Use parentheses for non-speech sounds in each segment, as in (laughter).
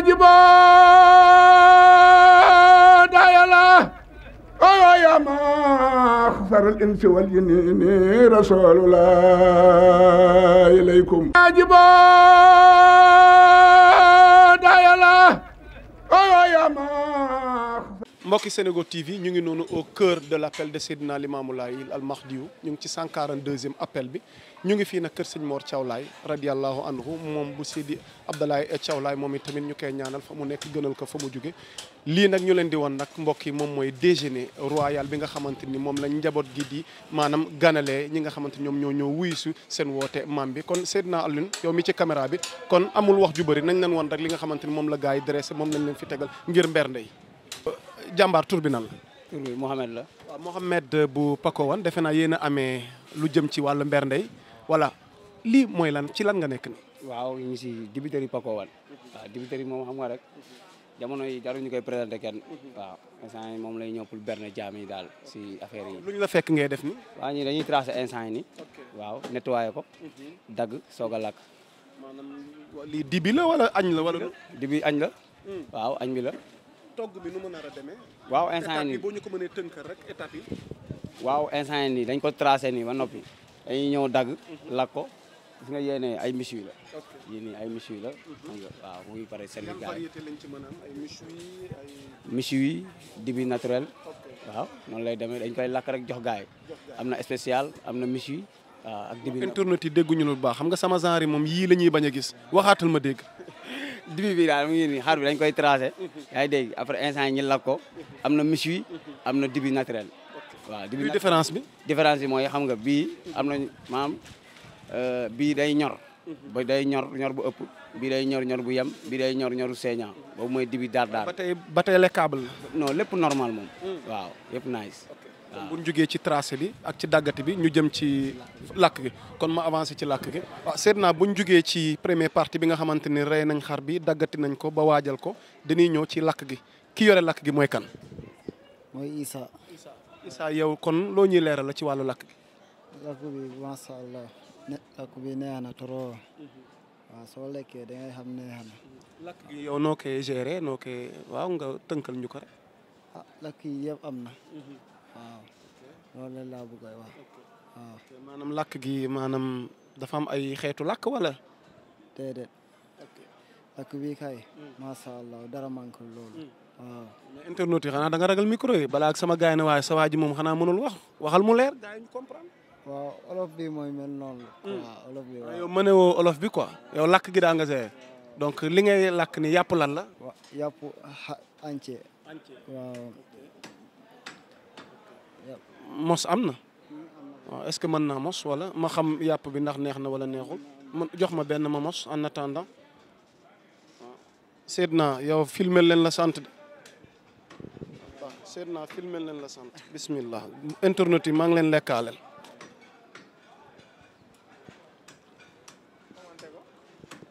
واجبا دايلا ويا ما خسر الانس والجنين رسول الله اليكم واجبا mbokki Sénégo TV ñu ngi noonu au cœur de l' appel de Seydina Limamou Laye al Mahdiyu ñu ngi ci 142e appel bi ñu ngi fii nag kër sëñ Mor Thiaw Laye radiallahu anhu moom bu Seydi Abdoulaye Thiaw Laye moom itamit ñu koy ñaanal fa mu nekk gënal ko fa mu jóge lii nag ñu leen di woon nag mbokk yi moom mooy déjeuner royal bi nga xamante ni moom lañ njaboot gi di maanam ganalee ñi nga xamante ñoom ñoo ñoo wuyu su seen woote mam bi kon Seydina Alioune yow mi ci caméra bi kon amul wax ju bëri nañ leen woon rek li nga xamante ni moom la gars yi dressé moom lañ leen fi tegal ngir mbernde yi jàmbaar tur bi nan la. la. waaw Mouhamed euh, bu Pakowan defe naa yéen a amee lu jëm ci wàllu mberndey walla lii mooy lan ci lan nga nekk nii. waaw ñu si dibiteri Pakowan. waaw dibiteri moom xam nga rek. jamono yi jarul ñu koy présenté kenn. waaw instant yi moom lay ñëw pour berne jaam yi daal si affaire yi. lu la fekk ngay def ni waaw ñii dañuy tracé instant yi nii. waaw nettoyé ko. dagg soog a lakk. maanaam lii dibi la wala añ la wala. dibi añ la. Hmm. waaw añ bi la. togg bi nu mu nar a demee. waaw instant ñu ko mënee tënkal rek waaw instant yii dañ ko tracé nii ba noppi dañuy ñëw dagg. Mhm. lakk ko gis nga yéene ay méchoui la. yii ay méchoui la. Mhm. waaw mu ngi pare service gars yi. ci mën a am ay méchoui ay. méchoui dibi naturel. waaw noonu lay demee dañ koy lakk rek jox gars yi. am na spécial am na méchoui. waaw ak dibi internet yi dégguñu lu baax xam nga sama genre yi moom yii la bañ a gis waxaatal ma dégg. dibi bi daal mu ngi nii xar bi dañ koy tracé. Mhm. yaa ngi dégg après instant yi ñu lakk ko am na méchoui mhm. am na dibi naturel. waaw dibi différence bi. différence bi mooy xam nga bii am na maam euh, bii day ñor. Mhm. day ñor ñor bu ëpp bii day ñor ñor bu yem bii day ñor ñor seeñaa boobu mooy dibi daar daar. ba tey ba tey lekkable non lépp normal moom. waaw yëpp nice. kon bu ñu ci tracé bi ak ci dàggati bi ñu jëm ci làkk gi kon ma avancé ci làkk gi waaw seet naa bu ñu jógee ci premier partie bi nga xamante ni rey nañ xar bi daggati nañ ko ba waajal ko dañuy ñëw ci làkk gi ki yore làkk gi mooy kan mooy Issa Issa yow kon loo ñuy leeral la ci wàllu làkk gi làkk bi Allah làkk na trop soo lekkee da ngay xam ne gi yow noo koy gérer noo koy waaw nga tënkal ñu ko rek ah, làkk yi yëpp am na mhm. waaw loolu la laa bëgg a wax waaw. maanaam gi maanaam dafa ay xeetu lakk wala. déedéet làkk bi kay. Hmm. macha allah dara manqué loolu. Hmm. waaw mais internet yi xanaa da nga ragal micro yi sama gaay ne waaye sa waa ji moom xanaa mënul wax waxal mu leer gars comprendre. waaw olof bi mooy mel noonu. Hmm. waaw olof bi ah, waaw yow mëne woo olof bi quoi yow làkk gi daa nga see donc li ngay làkk ni yàpp lan la. wa yàpp entier. mos am na waaw est-ce que mën naa mos wala ma xam yàpp bi ndax neex na wala neexul jox ma benn ma mos en attendant waaw seet naa yow filmel leen la sant de waaw seet leen la sant bismillah internet maa ngi leen lekkaaleel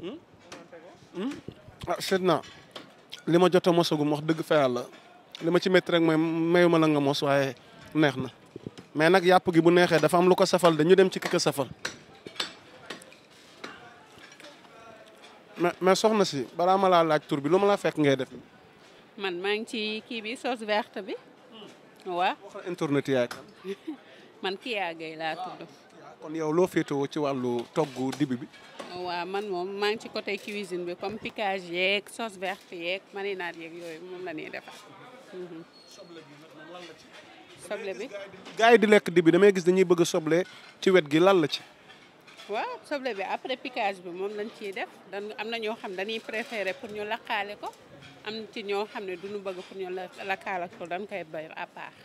hmm? Hmm? ah na naa li ma jot a mosagum wax dëgg fa yàlla li ma ci metti rek mooy mayu ma la mos waaye neex na mais nag yàpp gi bu neexee dafa am lu ko safal dañu dem ci ki ko safal mais mais soxna si balaa ma laa laaj tur bi lu ma la fekk ngay def. man maa ngi ci kii bi sauce verte bi. Hmm. waa wax internet yaay kan. (laughs) man yow loo féetewoo ci wàllu togg dibi bi. waaw man moom maa ngi ci côté cuisine bi comme piquage yeeg sauce verte yeeg marinade yeeg yooyu moom la ñuy defar. Hmm. soble bi. gaa yi di lekk dibi damay gis dañuy bëgg a soble ci wet gi lan la ci. waaw soble bi après piquage bi moom lañ ciy def dan am na ñoo xam ne dañuy préféré pour ñu lakkaale ko am ci ñoo xam ne duñu bëgg pour ñu lakkaale ko dañ koy bay à part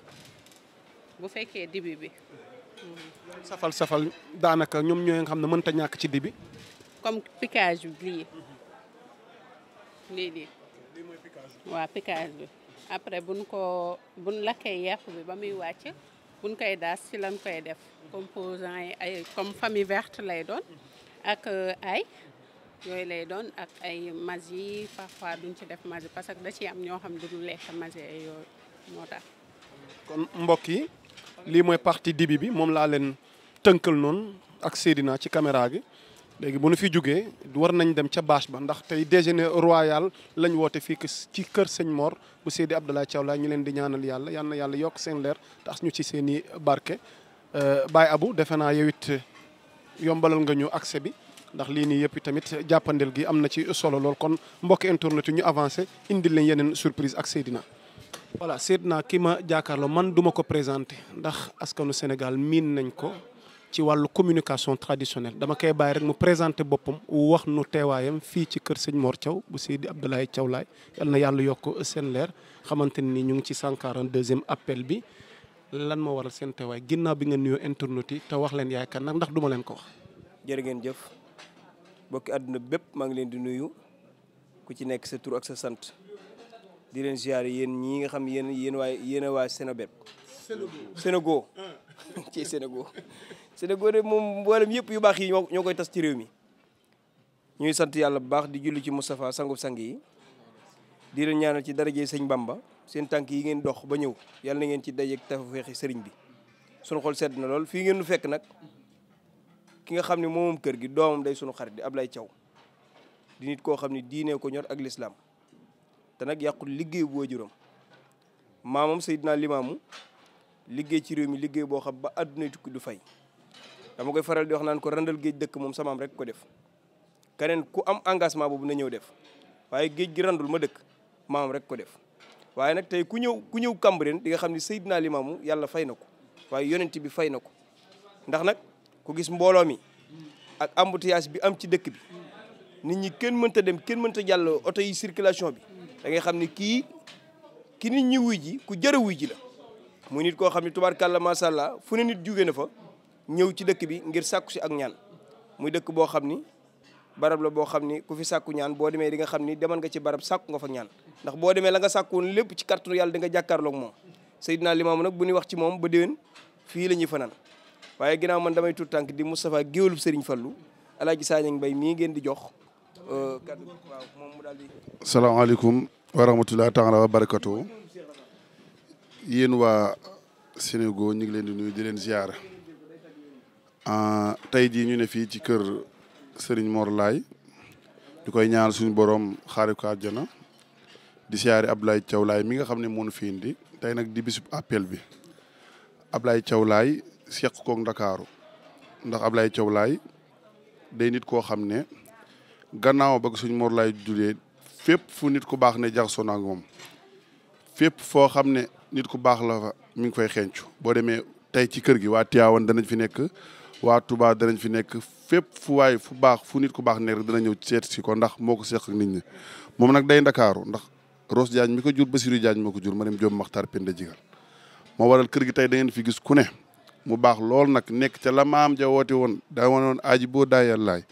bu fekkee dibi bi. Hmm. safal safal daanaka ñoom ñooy nga xam ne mënta ñàkk ci dibi. comme piquage bi lii waa piquage bi après buñ ko buñ lakkee yàpp bi ba muy wàcc buñ koy daas ci lañ koy def composant yi ay comme famille verte lay doon ak euh, ay yooyu lay doon ak ay mas yi parfois duñ ci def mas parce que da ciy am ñoo xam duñu lekk mas yi yooyu moo tax kon mbokk yi lii mooy partie dibi bi moom laa leen tënkal noonu ak Seydina ci caméra gi léegi bu nu fi jógee war nañ dem ca bâche ba ndax tey déjeuner royal lañ woote fii ci kër sëñ Mor bu Seydi Abdoulaye Thiaw Laye ñu leen di ñaanal yàlla yàlla yokk seen leer tax ñu ci seen i barke. Euh, Baye abu defe naa yow it yombalal nga ñu accès bi ndax lii nii yëpp tamit jàppandel gi am na ci solo lool kon mbokki internet ñu avancé indil leen yeneen surprise ak Seydina. voilà Seydina ki ma jàkkaarloo man duma ko présenté ndax askanu Sénégal miin nañ ko. ci wàllu communication traditionnelle dama koy bàyyi rek mu présenté boppam wax nu teewaayam fii ci kër sëñ Mor Thiaw bu Seydi Abdoulaye Thiaw Laay yal na yàlla yokk seen leer xamante ni ñu ngi ci 142e appel bi lan moo waral seen teewaay ginnaaw bi nga nuyoo internet yi te wax leen yaay kan nag ndax duma leen ko wax. ngeen jëf mbokki àdduna bépp maa ngi leen di nuyu ku ci nekk sa tur ak sa sant di leen ziare yéen ñii nga xam yéen yéen yéen a waa Sénégal Sénégal (laughs) ci Sénégal Sélé Gorée moom mboolem yëpp yu baax yi ñoo koy tas ci réew mi ñuy sant yàlla bu baax di julli ci Moustapha sangub sang yi di leen ci dara darajee sëñ Bamba seen tànk yi ngeen dox ba ñëw yàlla na ngeen ci dajeeg tafafeexi sëriñ bi sunu xol sedd na lool fii ngeen nu fekk nag ki nga xam ne moom kër gi doom day sunu xarit di Ablaye Thiaw di nit koo xam ni diine ko ñor ak lislaam te nag yàqul liggéey bu waajuram maamam Seydina Limaamu liggéey ci réew mi liggéey boo xam ba àdduna tukki du fay dama koy faral di wax naan ko randal géej dëkk moom samaam rek ko def keneen ku am engagement boobu na ñëw def waaye géej gi randul ma dëkk maam rek ko def waaye nag tey ku ñëw ku ñëw Cambérène di nga xam ne Seydina Limaamu yàlla fay na ko waaye yonent bi fay na ko ndax nag ku gis mbooloo mi ak embouteillage bi am ci dëkk bi nit ñi kenn mënta dem kenn mënta jàll oto yi circulation bi da ngay xam ni kii ki nit ñi ji ku jërë wuy ji la muy nit koo xam ne tubaarkàlla macha allah fu ne nit jóge na fa ñëw ci dëkk bi ngir sàkku si ak ñaan muy dëkk boo xam ni barab la boo xam ni ku fi sàkku ñaan boo demee di nga xam ni demal nga ci barab sàkku nga fa ñaan ndax boo demee la nga woon lépp ci kàttanu yàlla di nga jàkkaarloog moom Seydina Limaamu nag bu ñuy wax ci moom ba déwén fii la ñuy fanaan waaye ginnaaw man damay tuut tànk di Moustapha géwélub Serigne Fallou Alaaji Sañang Mbay mii ngeen di jox euh, kàddu waaw moom mu daal di salaamaaleykum wa rahmatulah taala wa barakatu yéen waa ñu ngi leen di di leen ziar Euh, tey jii ñu ne fii ci kër sëriñ Mor Laye ñu koy ñaanal suñu borom xaari ko àjjana di siyaare Abdoulaye Thiaw Laye mi nga xam ne moonu fi di tey nag di bisub appel bi Abdoulaye Thiaw Laye seq kook Ndakaaru ndax Abdoulaye Thiaw Laye day nit koo xam ne gannaaw ba suñ Mor Laye judee fépp fu nit ku baax ne jaxasoo naa ak moom fépp foo xam ne nit ku baax la fa mi ngi fay xencu boo demee tey ci kër gi waa Tivaouane danañ fi nekk waa tubaa danañ fi nekk fépp fu waay fu baax fu nit ku baax nekk dana ñëw seet si ko ndax moo ko seq ak nit ñi moom nag day ndakaaru ndax Rose Diagne mi ko jur ba siri Diagne moo ko jur mu Mariam Diop Makhtar Penda Jigal moo waral kër gi tey da ngeen fi gis ne mu baax lool nag nekk ca la maam ja woote woon daa woon woon aaji boo daa yàllaay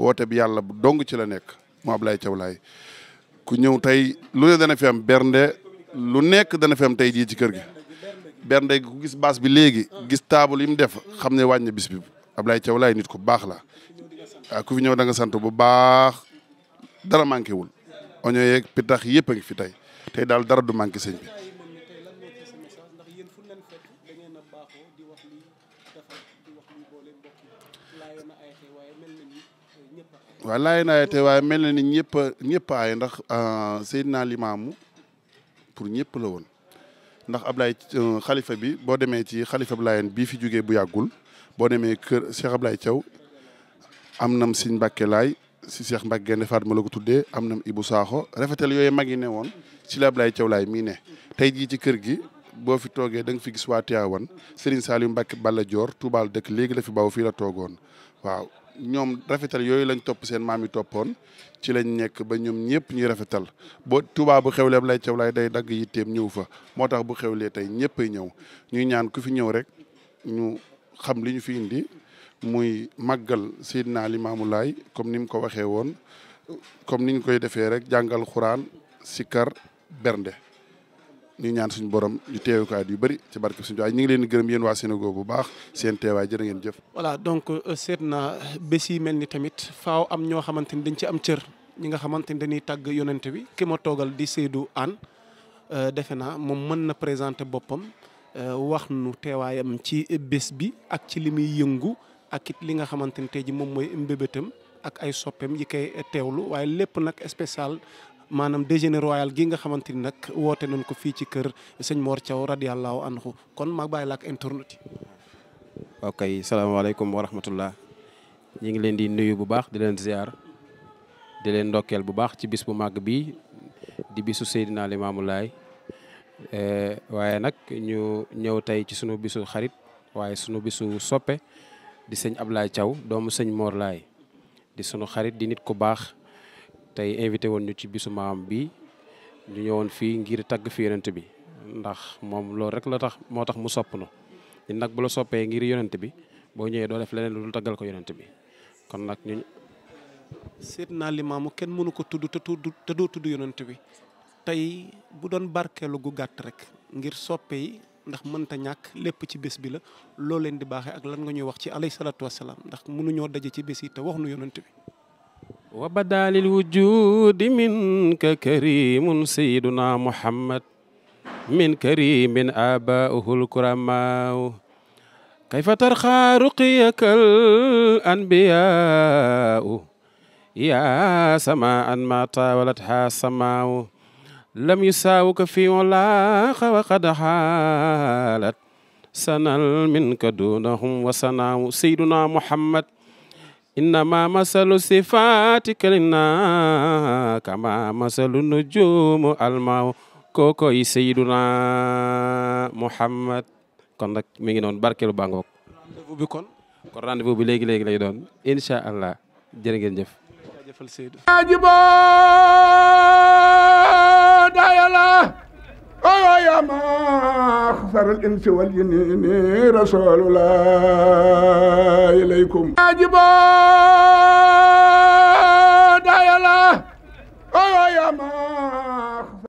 woote bi yàlla bu dong ci la nekk mu Ablaye Thiaw laay ku ñëw tey lu ne dana fi bernde lu nekk dana fi tey jii ci kër gi bernde gi ku gis baas bi léegi ah. gis taabal yi mu def xam ne wàññi bis bi Ablaye Thiaw laay nit ku baax la ah ku fi ñëw da nga sant bu baax dara manqué wul oño yeeg pitax yépp a ngi fi tey daal dara du manqué sëñ bi waaw laay naa te waaye mel na ni ñëpp ndax ñëpp aay ndax Seydina Limaamu pour ñëpp la woon ndax ab Ablaye euh, xalifa bi boo demee ci xalifa bu Laayeen bii fi jógee bu yàggul boo demee kër Cheikh Ablaye Thiaw am na siñ Mbàkke laay si Cheikh Mbàkke Gaynde Fatma la ko tuddee am na Ibou Sakho rafetal yooyu mag yi ne woon ci la Ablaye Thiaw laay mii ne tey jii ci kër gi boo fi toogee da nga fi gis waa Tiwaawan Serigne Saliou Mbacke Balla Dior Touba dëkk léegi la fi baw fii la toogoon waaw ñoom rafetal yooyu lañ topp seen maam yi toppoon ci lañ nekk ba ñoom ñëpp ñuy rafetal boo tubaabu bu xewlee lay caw lay day dagg yitteem ñëw fa moo tax bu xewlee tey ñëppay ñëw ñuy ñaan ku fi ñëw rek ñu xam li ñu fi indi muy màggal Seydina Limaamu Laay comme ni mu ko waxee woon comme ni ñu koy defee rek jàngal xuraan sikar bernde ñu ñaan suñu borom ñu teewe ko at yu bëri ci barke suñu waaye ñu ngi leen di gërëm yéen waa Sénégal bu baax seen teewaay jërë ngeen jëf. voilà donc euh, seet na bés yi mel ni tamit faaw am ñoo xamante ni dañ ci am cër ñi nga xamante ni dañuy tàgg yonent bi ki toogal di Seydou an euh, defe naa moom mën na présenter boppam euh, wax nu teewaayam ci bés bi ak ci li muy yëngu ak it li nga xamante ni tey ji moom mooy mbébétam ak ay soppeem yi koy teewlu waaye lépp nag spécial maanaam déjeuner royal gi nga xamante ni nag woote nañ ko fii ci kër sëñ Mor Thiaw radiyallahu anhu kon maa bàyyi la ak internet yi. ok salaamaaleykum wa rahmatullah ñu ngi leen di nuyu bu baax di leen ziar di leen ndokkeel bu baax ci bis bu màgg bi di bisu Seydina Limaamu Laay eh, waaye nag ñu ñëw tey ci sunu bisu xarit waaye sunu bisu soppe di sëñ Ablaye caw doomu sëñ moor Laay di suñu xarit di nit ku baax. tey invité woon ñu ci bisu maam bi ñu ñëwoon fii ngir tagg fi yonent bi ndax moom loolu rek la tax moo tax mu sopp na ñun nag bu la soppee ngir yonent bi boo ñëwee doo def leneen lu taggal ko yonent bi kon nag ñu seet naa limaamu kenn mënu ko tudd te tudd te doo tudd yonent bi tey bu doon barkeelu gu gàtt rek ngir soppee yi ndax mënta ñàkk lépp ci bés bi la loo leen di baaxee ak lan nga ñuy wax ci alayhi salaatu wasalaam ndax mënuñoo daje ci bés yi te wax nu yonent bi wa badaalil wujudi minka karimun sayyiduna muhammad min karimin abaa'uhu lkuramaaw kayfa tarxaa ruqiyakal anbiyaa'u yaa samaa'an maa taawalathaa samaaw lam yusaawuka fii walaaqa wa qad xaalat sanal minka duunahum wa sanaaw sayyiduna muhammad ma مثل صفاتك لنا كما مثل النجوم الماء kookoy Seyduna Muhammad kon nag mi ngi noonu barkeelu bàngoog. rendez-vous bi kon. kon bi léegi léegi lay doon incha allah jërë ngeen jëf. jaajëfal Seydou. يا ما أخفر الإنس والجنين رسول الله إليكم أجبا دايلا يا ما